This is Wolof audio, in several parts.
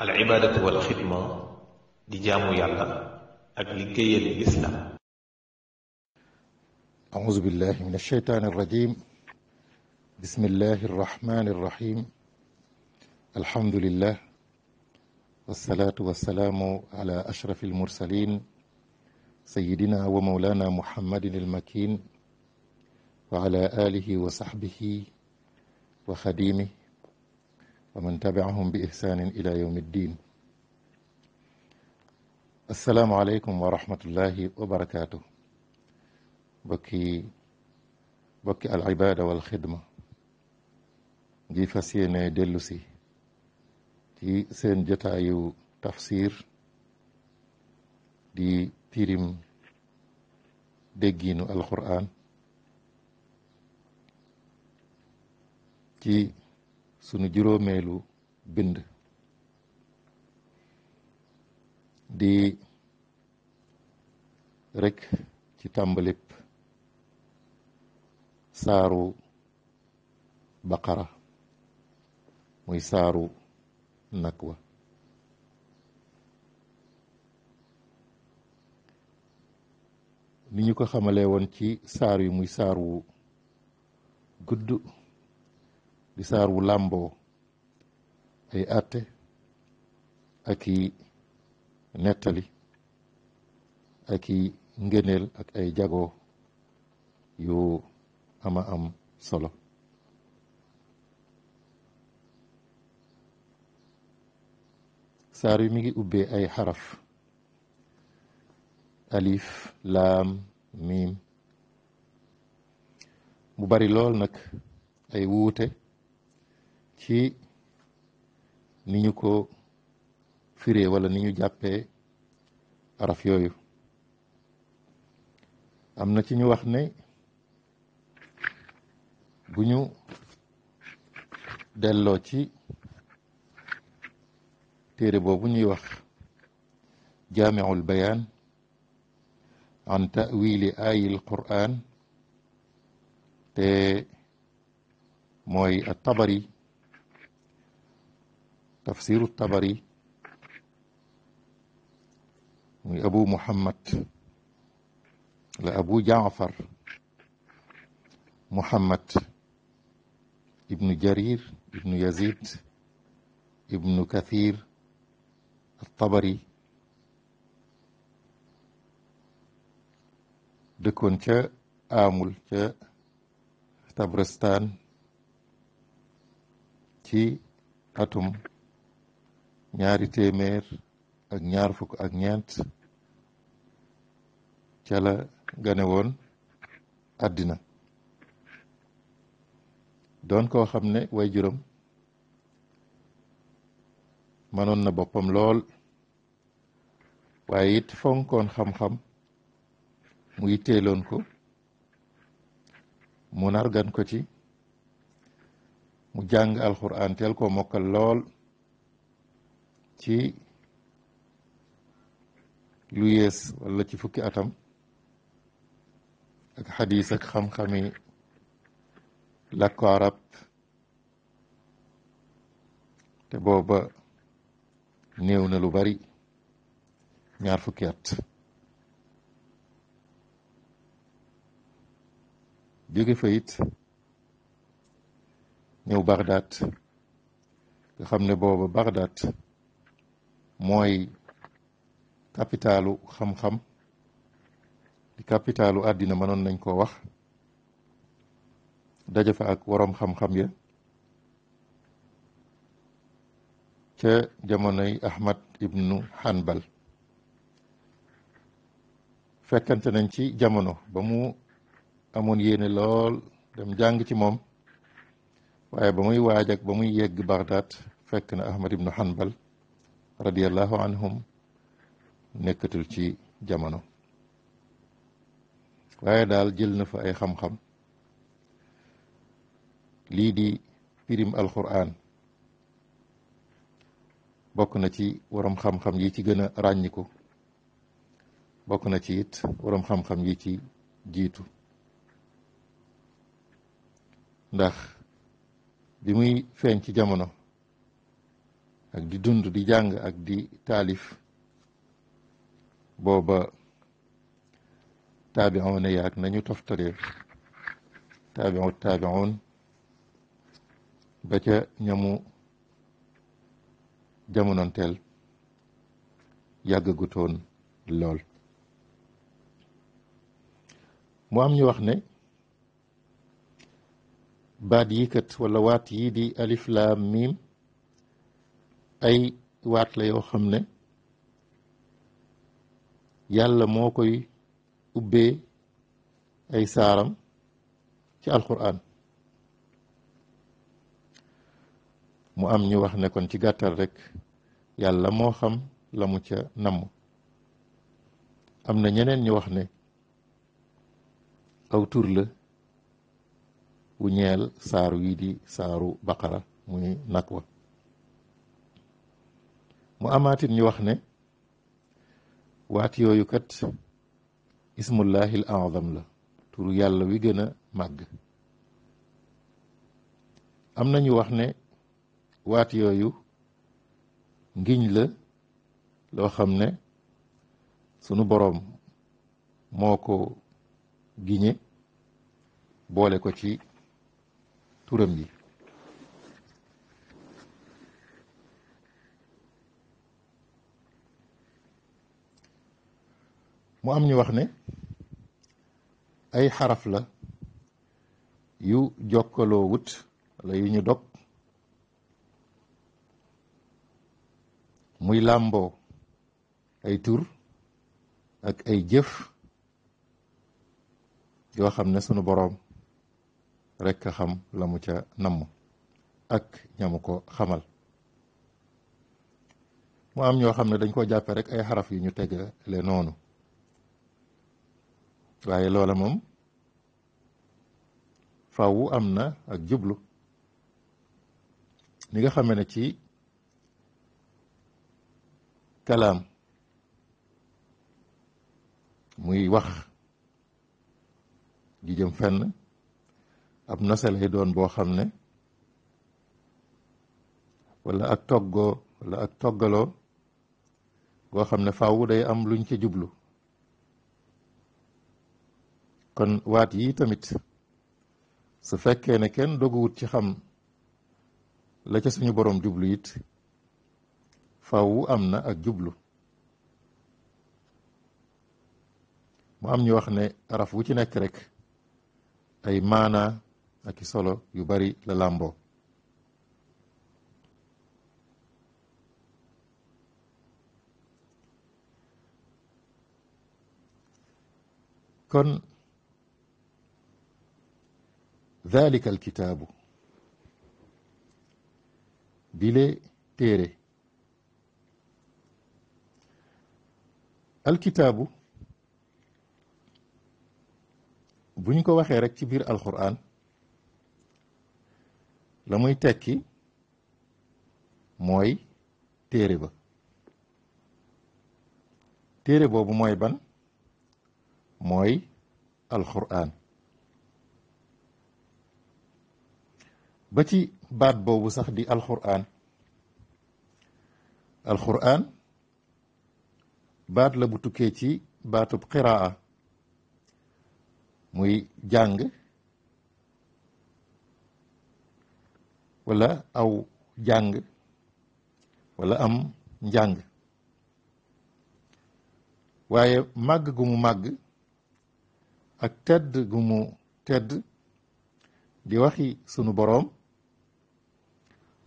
al ibaadatu wal xidma di jaamu yàlla ak liggéeyal lislaam auzu billahi min alsheytaani arrajim bismillahi arrahmani arrahim alhamdulillah wasalaatu wasalaamu ala ashrafi almursalin sayidina wa maulana muhammadin almakin wa ala alihi wa saxbihi wa xadimih wa man tabiahum bi ihsanin ila yawmi ddin assalaamu aleykum wa rahmatullahi wa barakaatu bokki bokki al ibada wal xidma ngi fas yéene dellu si ci seen jotaayu tafsir di tirim déggiinu alquran ci sunu juróomeelu bind di rekk ci tàmbalib saaru baqara muy saaru nakwa ni ñu ko xamale woon ci saar yu muy saar wu gudd di saar wu làmboo ay àtte ak i nettali ak i ngëneel ak ay jago yu ama am solo saar wi mi ngi ubbee ay xaraf alif laam miim mu bari lool nag ay wuute ci ni ñu ko firee wala ni ñu jàppee araf yooyu am na ci ñu wax ne bu ñu delloo ci téere boobu ñuy wax jaamiul bayaan an ta'wili ayil qur'an te mooy at-Tabari tafsiru tabari muy abu muhammad la abu jaafar muhammad ibnu jarir ibnu yazid ibnu kathir tabari dëkkoon ca amul ca tabrestan ci atum ñaari téeméer ak ñaar fukk ak ñeent ca la gane woon àddina doon koo xam ne way juróom mënoon na boppam lool waaye it fonkoon xam-xam mu yitteeloon ko mu nargan ko ci mu jàng alxuraan teel ko mokkal lool ci lu yees wala ci fukki atam ak xadis ak xam-xami làkku arab te booba néew na lu bari ñaar fukki at jóge fa ñëw Bagdad nga xam ne booba Bagdad mooy capitalu xam-xam di capitalu àddina mënoon nañ koo wax daje fa ak waroom xam-xam ya ca jamonoy Ahmad ibnu Hanbal fekkante nañ ci jamono ba mu amoon yéene lool dem jàng ci moom waaye ba muy waaj ak ba muy yegg Bagdaad fekk na Ahmad ibnu Hanbal radiallahu anhum nekkatul ci jamono waaye daal jël na fa ay xam-xam lii di pirim alquran bokk na ci waroom xam-xam yi ci gën a ràññiku bokk na ci it waram xam-xam yi ci jiitu ndax bi muy feeñ ci jamono ak di dund di jàng ak di taalif booba taabi'oon yaag nañu toftalee taabi'u ba ca ñamu jamononteel yàggagutoon lool mu am ñu wax ne baat yi kat waat yii di alif laam miim ay waat la yoo xam ne yàlla moo koy ubbee ay saaram ci alquran mu am ñu wax ne kon ci gàttal rek yàlla moo xam lamu mu ca namm am na ñeneen ñu wax ne aw la wu ñeel saaru yi di saaru baqara muy nag wa mu amaatit ñu wax ne waat yooyu kat ismullahil azam la tur yàlla wi gën a màgg am nañu wax ne waat yooyu ngiñ la loo xam ne sunu boroom moo ko giñe boole ko ci turam yi mu am ñu wax ne ay xaraf la yu jokkaloo wut la yu ñu dog muy làmboo ay tur ak ay jëf yoo xam ne sunu boroom rekk xam la mu ca namm ak ñamu ko xamal mu am ñoo xam ne dañ koo jàppe rek ay xaraf yu ñu le noonu waaye loola moom faaw am na ak jublu ni nga xame ne ci kalaam muy wax di jëm fenn ab noselay doon boo xam ne wala ak toggoo wala ak toggaloo boo xam ne faaw day am luñ ci jublu kon waat yi tamit su fekkee ne kenn doguwut ci xam la suñu boroom jublu it fawwu am na ak jublu mu am ñu wax ne araf wu ci nekk rek ay maana ak i solo yu bari la làmboo kon ذلك الكتاب bile téere alkitaabu bu ñu ko waxee rek ci biir alxuraan la muy tekki mooy téere ba téere boobu mooy ban mooy alxuraan ba ci baat boobu sax di alxuraan alxuraan baat la bu tukkee ci baatub qiraa muy jàng wala aw jàng wala am njàng waaye màgg gu mu màgg ak tëdd gu mu tedd di waxi sunu boroom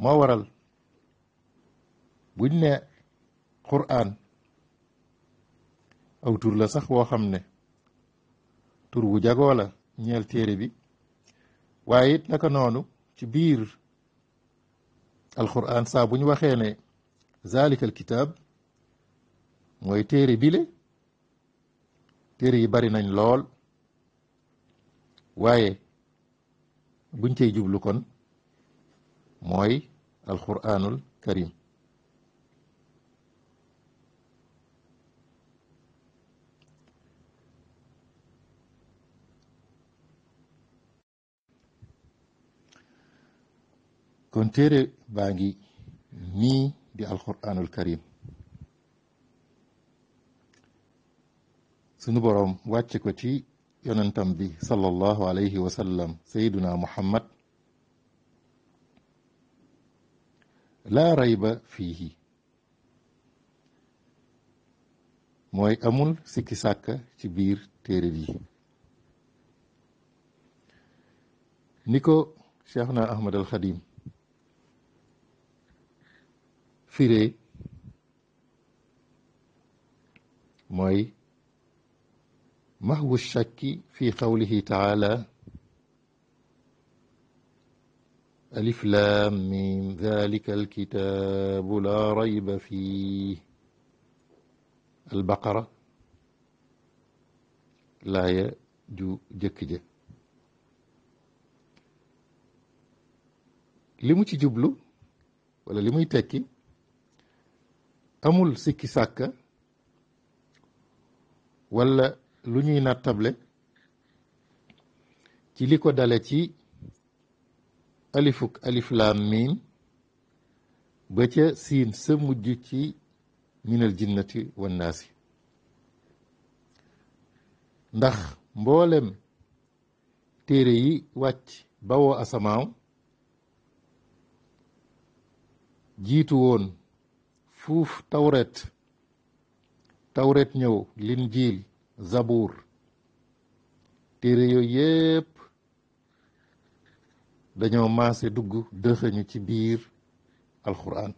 moo waral buñ ne quraan aw la sax woo xam ne tur wu jagoo la téere bi waaye it naka noonu ci biir alquran saa bu ñu waxee ne zalika alkitab mooy téere bile téere yi bari nañ lool waaye buñ ci jublu kon mooy alquranul karim kon téere baa ngi nii di alquranul karim sunu boroom wàcce ko ci yonentam bi sallallahu alayhi wa sallam sayiduna muhammad laa rayba fiihi mooy amul sikki sàkka ci biir téere yi ni ko Cheikhna Ahmad al Xadim firee mooy mahwu shakki fi qawlihi taala ألف لام ميم ذلك الكتاب لا ريب فيه البقرة laaya ju jëkk li mu ci jublu wala li muy tekki amul sikki sàkka wala lu ñuy nattable ci li ko dale ci alifuk alif laam miim ba ca siin sa mujj ci minal jinnati wannaasi ndax mboolem téere yi wàcc bawoo asamaam jiitu woon fuuf tawret tawret ñëw linjiil zabuur téere yooyu yépp dañoo maase dugg dëxëñu ci biir alxuraan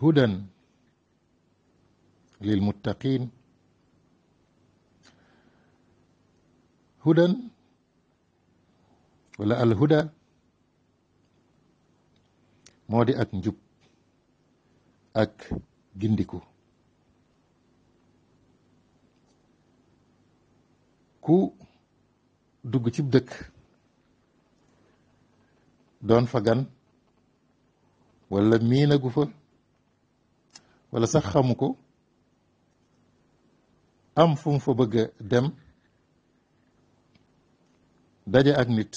hudan lil muttaqin hudan wala al huda moo di ak njub ak gindiku ku dugg cib dëkk doon fagan gan wala miinagu fa wala sax xamu ko am fu mu fa bëgga dem daje ak nit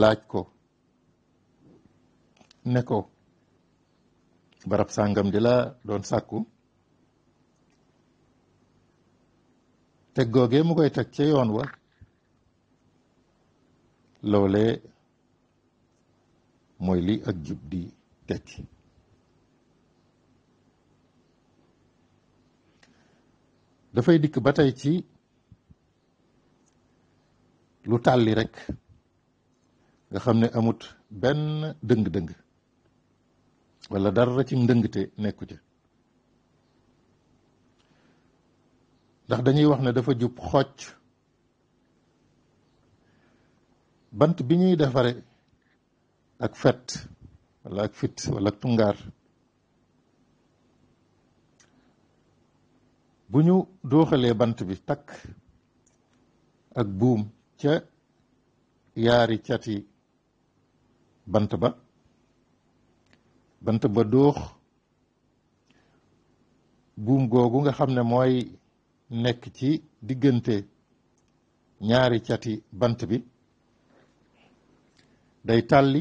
laaj ko ne ko barab sàngam di laa doon sàkku teg googee mu koy teg ca yoon wa loole mooy li ak jub di tekki dafay dikk ba tey ci lu tàlli rek nga xam ne amut benn dëng-dëng wala dara ci ndëngte nekku ca ndax dañuy wax ne dafa jub xocc bant bi ñuy defare ak fet wala ak fit wala ak tungaar bu ñu dooxalee bant bi takk ak buum ca yaari cati bant ba bant ba doox buum googu nga xam ne mooy nekk ci diggante ñaari cati bant bi day tàlli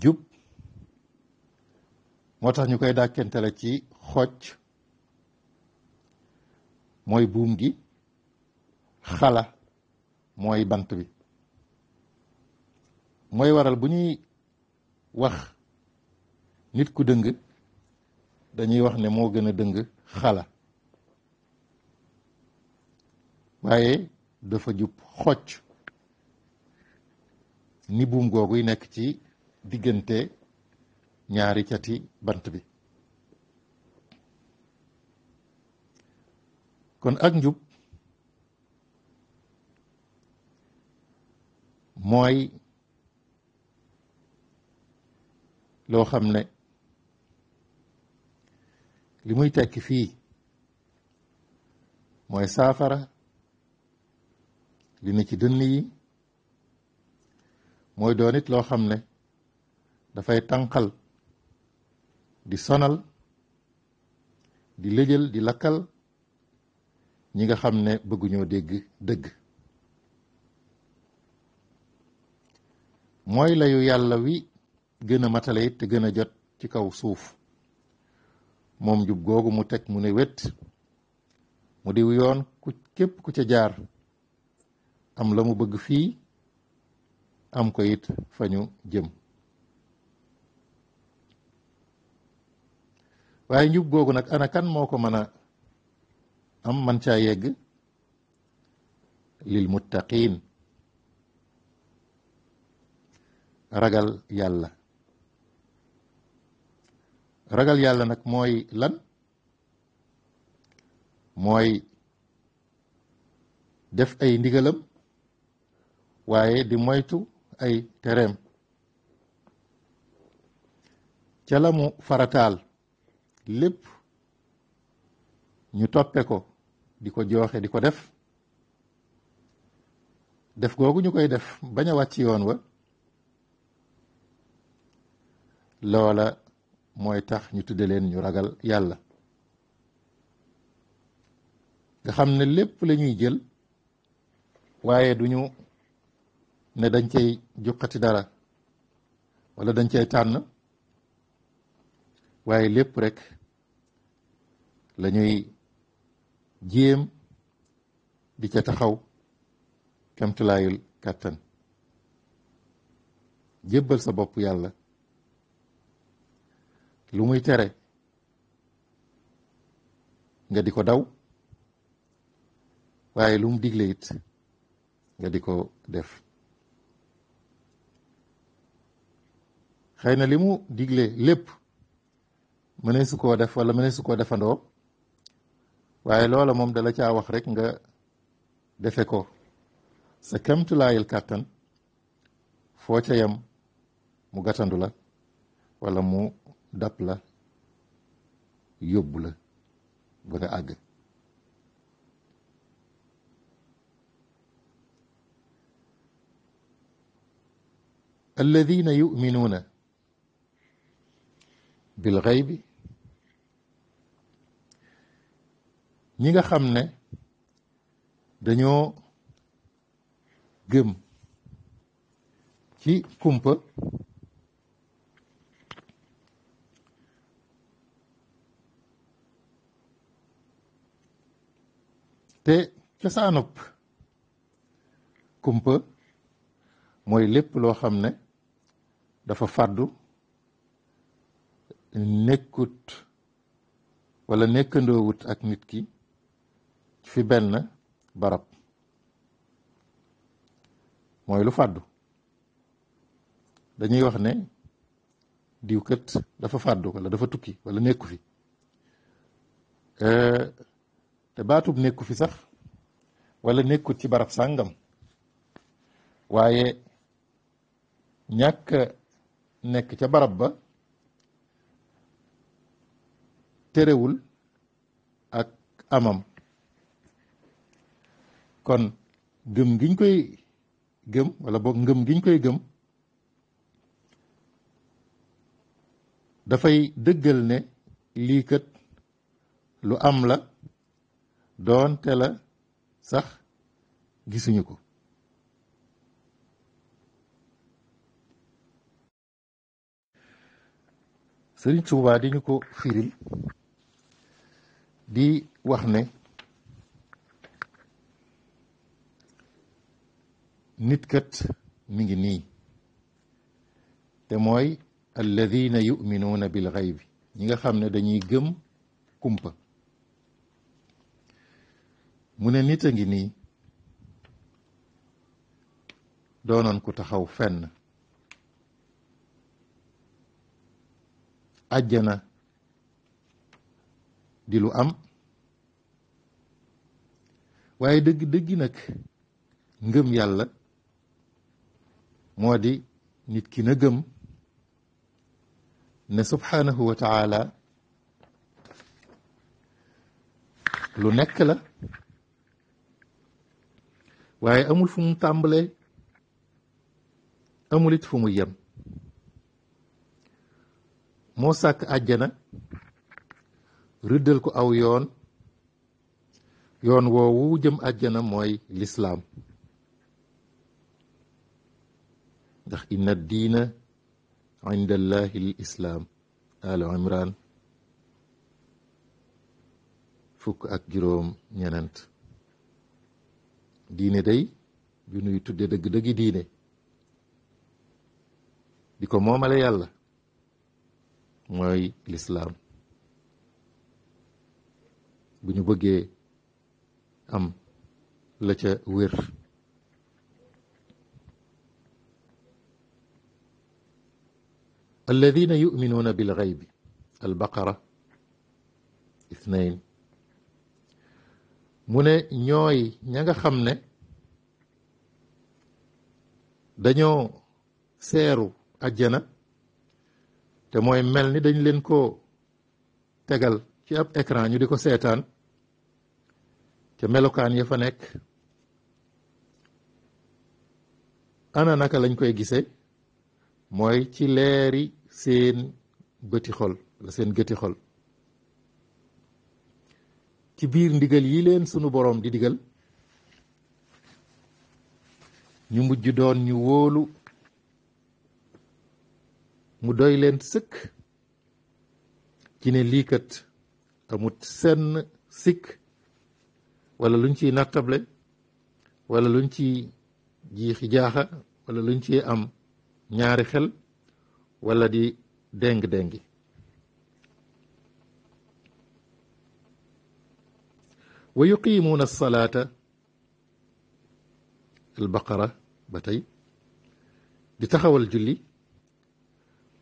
jub moo tax ñu koy dàkkentele ci xocc mooy buum gi xala mooy bant bi mooy waral bu ñuy wax nit ku dëng dañuy wax ne moo gën a dëng xala waaye dafa jub xocc ni buum googuy nekk ci diggante ñaari cati bant bi kon ak njub mooy loo xam ne li muy tekki fii mooy saafara li ne ci dënn yi mooy doon it loo xam ne dafay tànqal di sonal di lëjal di lakkal ñi nga xam ne bëgguñoo dégg dëgg mooy layu yàlla wi gën a matale te gën a jot ci kaw suuf moom jub googu mu teg mu ne wet mu diw yoon ku képp ku ca jaar am la mu bëgg fii am ko it fañu jëm waaye njub googu nag ana kan moo ko mën a am man caa yegg lil muttaqiin ragal yàlla ragal yàlla nag mooy lan mooy def ay ndigalam waaye di moytu ay tereem ca la mu farataal lépp ñu toppe ko di ko jooxe di ko def def googu ñu koy def bañ a wàcc yoon wa loola mooy tax ñu tudde leen ñu ragal yàlla nga xam ne lépp lañuy jël waaye duñu ne dañ cay juqati dara walla dañ cay tànn waaye lépp rek la ñuy jéem di ca taxaw kemtulaayul kàttan jébbal sa bopp yàlla lu muy tere nga di ko daw waaye lu mu digle it nga di ko def xëy na li mu digle lépp mënee su koo def wala mënee su koo defandoo waaye loola moom dala caa wax rek nga defe ko sa kemtulaayil kàttan foo ca yam mu gàttandu la wala mu dab la yóbbu la ba nga àgg alladina yuminuuna bi ñi nga xam ne dañoo gém ci kumpa te cosaanub kumpa mooy lépp loo xam ne dafa fàddu nekkut wala nekkandoowut ak nit ki fi benn barab mooy lu fàddu dañuy wax ne diw kët dafa fàddu wala dafa tukki wala nekku fi eh, te baatub nekku fi sax wala nekkut ci barab sàngam waaye ñàkk nekk ca barab ba terewul ak amam kon gëm giñ koy gëm wala boog ngëm giñ koy gëm dafay dëggal ne liikat lu am la doonte la sax gisuñu ko Sëriñ Tuubaa di ñu ko firil di wax ne nit kat mi ngi nii te mooy alladina yuminuuna bil xaybi ñi nga xam ne dañuy gëm kumpa mu ne nit a ngi nii doonoon ku taxaw fenn àjjana di lu am waaye dëgg dëgg nag ngëm yàlla moo di nit ki na gëm ne subhanahu wa lu nekk la waaye amul fu mu tàmbalee amul it fu mu yem moo sàkk àjjana rëddal ko aw yoon yoon woowu jëm àjjana mooy lislaam ndax inna diina inda allahi l islaam al imran fukk ak juróom ñenent diine day ju nuy tudde dëgg-dëggi diine di ko moomale yàlla mooy lislaam bu ñu bëggee am la ca wér alladina yuminuuna bilxaybi albaqara ithnain mu ne ñooy ña nga xam ne dañoo seeru ajjana te mooy mel ni dañ leen koo tegal ci ab écran ñu di ko seetaan ca melokaan ya fa nekk ana naka lañ koy gisee mooy ci leeri seen bëti xol gëti xol ci biir ndigal yi leen sunu boroom di digal ñu mujj doon ñu wóolu mu doy leen sëkk ci ne lii amut senn sikk wala luñ ciy nattable wala luñ ci jiixi jaaxa wala luñ ci am ñaari xel wala di déng-déngi wa yuqimuuna alsalaata albaqara ba tey di taxawal julli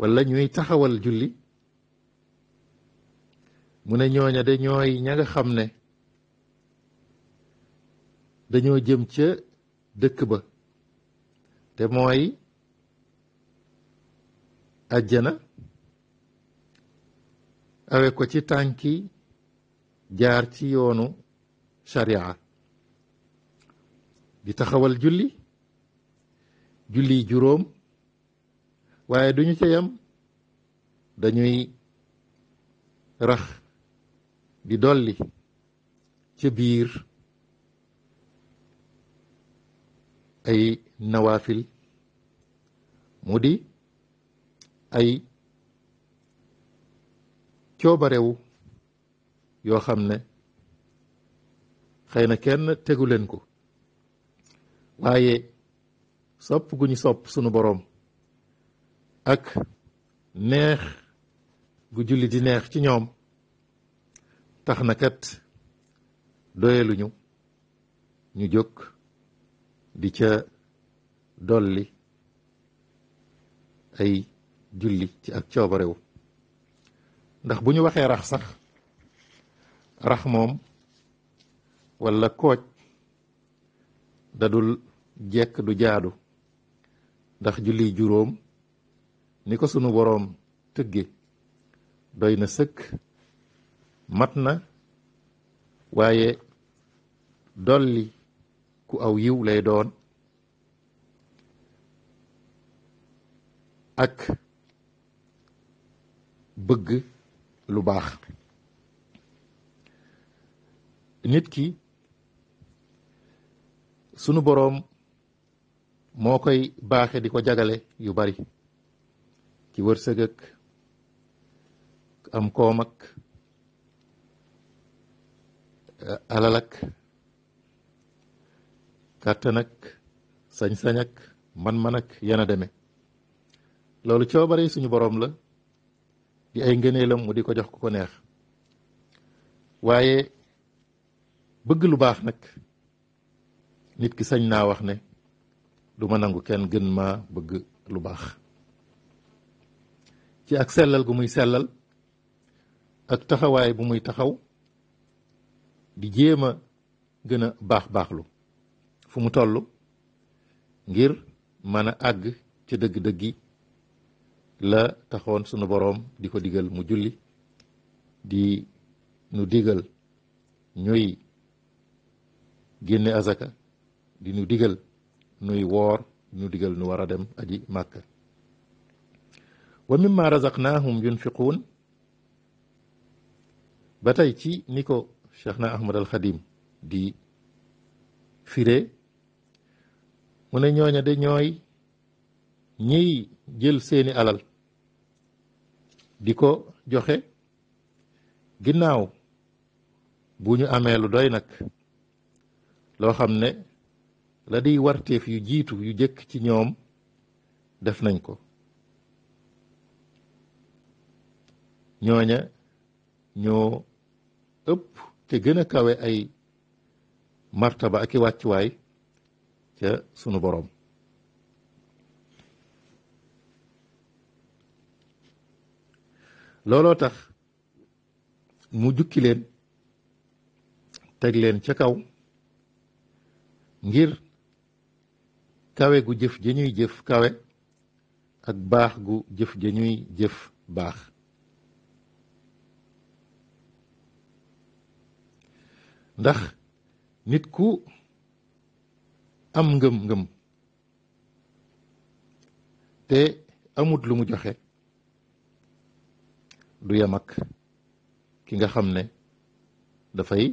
wala ñuy taxawal julli mu ne ñooña de ñooy ña nga xam ne dañoo jëm ca dëkk ba te mooy àjjana awe ko ci tànki jaar ci yoonu sharia di taxawal julli julli juróom waaye duñu ca yam dañuy rax di dolli ca biir ay nawaafil mu di ay coobarewu yoo xam ne xëy na kenn tegu leen ko waaye sopp gu ñu sopp sunu boroom ak neex gu julli di neex ci ñoom tax na kat doyeluñu ñu jóg di ca dolli ay julli ci ak coobarewu ndax bu ñu waxee rax sax rax moom walla kooj dadul jekk du jaadu ndax julli juróom ni ko sunu woroom tëgge doy na sëkk mat na waaye dolli ku aw yiw lay doon ak bëgg lu baax nit ki sunu boroom moo koy baaxe di ko jagale yu bari ci wërsëg am koom ak alal ak nag sañ-sañ ak man-man ak yana deme loolu coobare suñu boroom la di ay la mu di ko jox ku ko neex waaye bëgg lu baax nag nit ki sañ naa wax ne du ma nangu kenn gën maa bëgg lu baax ci ak sellal gu muy sellal ak taxawaay bu muy taxaw di jéem a gën a baax baaxlu fu mu toll ngir mën a àgg ca dëgg-dëggi la taxoon sunu boroom di ko digal mu julli di nu digal ñuy génne azaka di nu digal nuy woor di nu digal nu war a dem aji màkka wa mimma razaqnahum yunfiquun ba tey ci ni ko cheikh na ahmad al xadim di firé mu ne ñooña de ñooy ñiy jël seeni alal di ko joxe ginnaaw bu ñu amee lu doy nag loo xam ne la di warteef yu jiitu yu jëkk ci ñoom def nañ ko ñooña ñoo ëpp te gën a kawe ay martaba ak wàccuwaay ca sunu boroom looloo tax mu jukki leen teg leen ca kaw ngir kawe gu jëf ja ñuy jëf kawe ak baax gu jëf ja ñuy jëf baax ndax nit ku am ngëm-ngëm te amut lu mu joxe du yamag ki nga xam ne dafay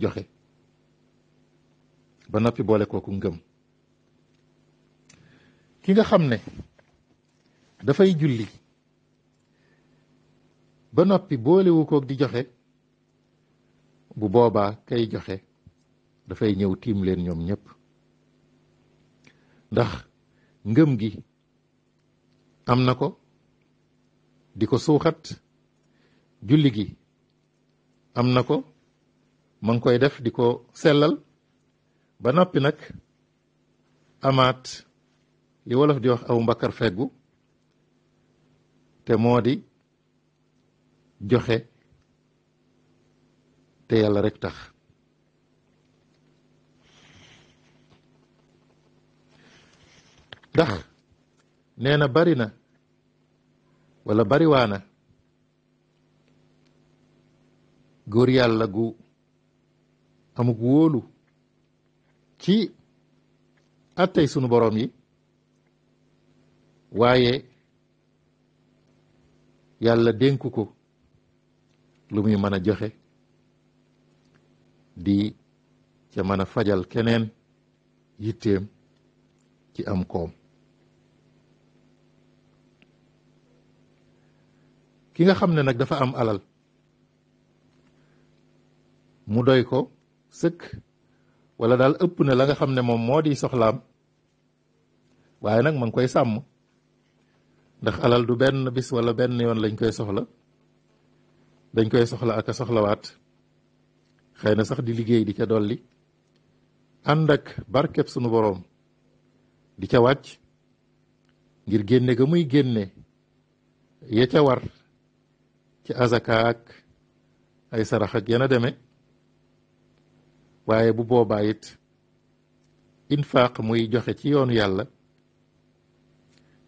joxe ba noppi boole kooku ngëm ki nga xam ne dafay julli ba noppi boolewu kook di joxe bu boobaa kay joxe dafay ñëw tiim leen ñoom ñëpp ndax ngëm gi am na ko di ko suuxat julli gi am na ko ma ngi koy def di ko sellal ba noppi nag amaat li wolof di wax aw mbakkar feggu te moo di joxe te yàlla rekk tax ndax nee bari na wala bariwaana góor yàlla gu amug wóolu ci attey sunu boroom yi waaye yàlla dénku ko lu muy mën a joxe di ca mën a fajal keneen yitteem ci am koom ki nga xam ne nag dafa am alal mu doy ko sëkk wala daal ëpp na la nga xam ne moom moo di soxlaam waaye nag man koy sàmm ndax alal du benn bis wala benn yoon lañ koy soxla dañ koy soxla ak soxlawaat xëy na sax di liggéey di ca dolli ànd ak barkeb sunu boroom di ca wàcc ngir génne ga muy génne ya ca war ci azaka ak ay sarax ak yana deme waaye bu boobaa it infaq muy joxe ci yoon yàlla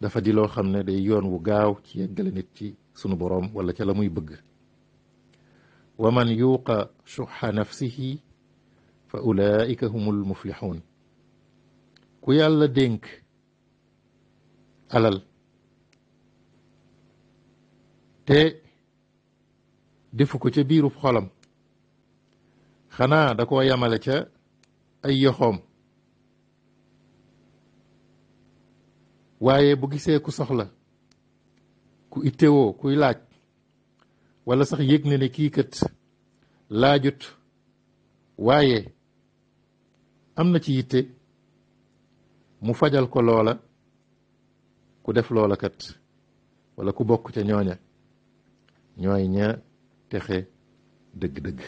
dafa di loo xam ne day yoon wu gaaw ci yeggale nit ci sunu boroom wala ca la muy bëgg wa man yuuqa suxa nafsihi fa ulaika humul muflixuun ku yàlla dénk alal te defu ko ca biiru xolam xanaa da koo yamale ca ay yoxoom waaye bu gisee ku soxla ku ittewoo kuy laaj walla sax yëg na ne kii kat laajut waaye am na ci yitte mu fajal ko loola ku def loola kat wala ku bokk ca ñooña ñooy ña texe dëgg-dëgg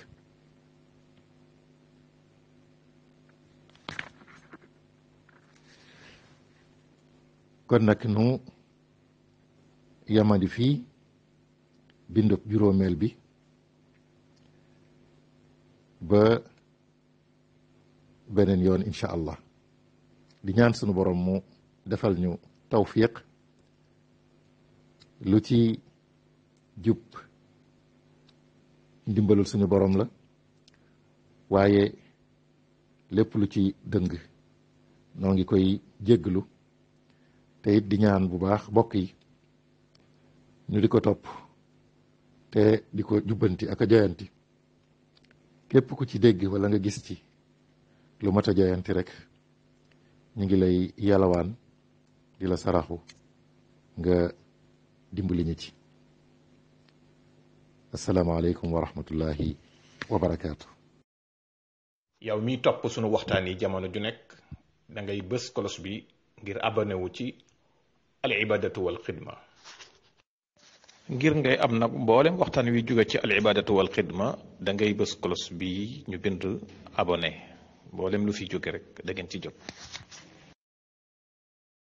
kon nag nu yamadi fii bindub juróomeel bi ba beneen yoon incha allah di ñaan sunu borom mu defal ñu tawfiq lu ci jub ndimbalul suñu borom la waaye lépp lu ci dëng noo ngi koy jégglu te di ñaan bu baax mbokk yi ñu di ko topp te di ko jubbanti ak a joyanti képp ku ci dégg wala nga gis ci lu mat a joyanti rek ñu ngi lay yalawaan di la saraxu nga dimbali ñu ci asalaamaaleykum wa rahmatullahi wa barakaatu. yow miy topp sunu waxtaan yi jamono ju nekk da ngay bës kolos bi ngir abonné ci al ibadatu wal xidma ngir ngay am nag mboolem waxtaan wi jóge ci al ibadatu wal xidma dangay ngay bës cloche bi ñu bind abone mboolem lu fi jóge rek da ngeen ci jóg